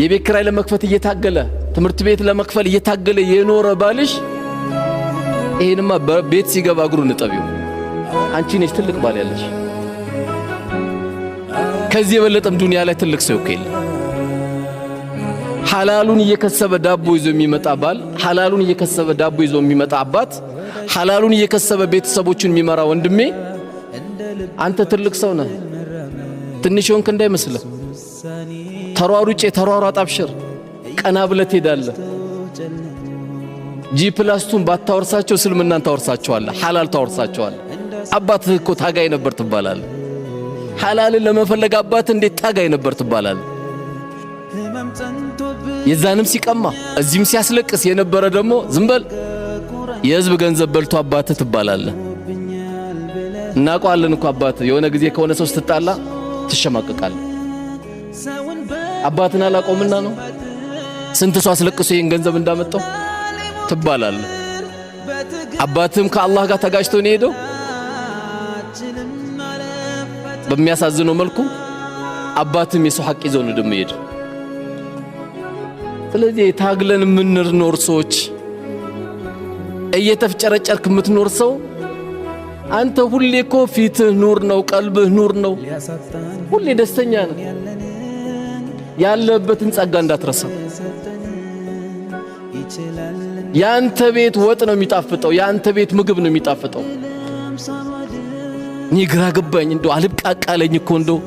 የቤት ክራይ ለመክፈት እየታገለ ትምህርት ቤት ለመክፈል እየታገለ የኖረ ባልሽ ይሄንማ በቤት ሲገባ እግሩ ንጠቢው። አንቺ ነሽ ትልቅ ባል ያለሽ። ከዚህ የበለጠም ዱንያ ላይ ትልቅ ሰው እኮ ሐላሉን እየከሰበ ዳቦ ይዞ የሚመጣ ባል፣ ሐላሉን እየከሰበ ዳቦ ይዞ የሚመጣ አባት፣ ሐላሉን እየከሰበ ቤተሰቦችን የሚመራ ወንድሜ፣ አንተ ትልቅ ሰው ነህ። ትንሽ ሆንክ እንዳይመስልህ። ተሯሩጬ ተሯሯጥ አብሽር፣ ቀና ብለት ሄዳለ ጂ ፕላስቱን ባታወርሳቸው ስልምናን ታወርሳቸዋለህ፣ ሐላል ታወርሳቸዋለህ። አባት እኮ ታጋይ ነበር ትባላል። ሐላልን ለመፈለግ አባት እንዴት ታጋይ ነበር ትባላል። የዛንም ሲቀማ እዚህም ሲያስለቅስ የነበረ ደግሞ ዝምበል የህዝብ ገንዘብ በልቶ አባት ትባላለ። እናውቀዋለን እኮ የሆነ ጊዜ ከሆነ ሰው ስትጣላ ትሸማቀቃለህ። አባትን አላቆምና ነው። ስንት ሰው አስለቅሶ ይህን ገንዘብ እንዳመጣው ትባላለ። አባትም ከአላህ ጋር ተጋጭቶ ነው ሄደው። በሚያሳዝነው መልኩ አባትም የሰው ሐቅ ይዘው ነው ደሞ ሄደው። ስለዚህ ታግለን የምንኖር ሰዎች፣ እየተፍጨረጨርክ የምትኖር ሰው አንተ ሁሌ እኮ ፊትህ ኑር ነው፣ ቀልብህ ኑር ነው፣ ሁሌ ደስተኛ ነው። ያለበትን ጸጋ እንዳትረሳ። ያንተ ቤት ወጥ ነው የሚጣፍጠው፣ ያንተ ቤት ምግብ ነው የሚጣፍጠው። እኔ ግራ ገባኝ። እንደው አልብቃቃለኝ እኮ እንደው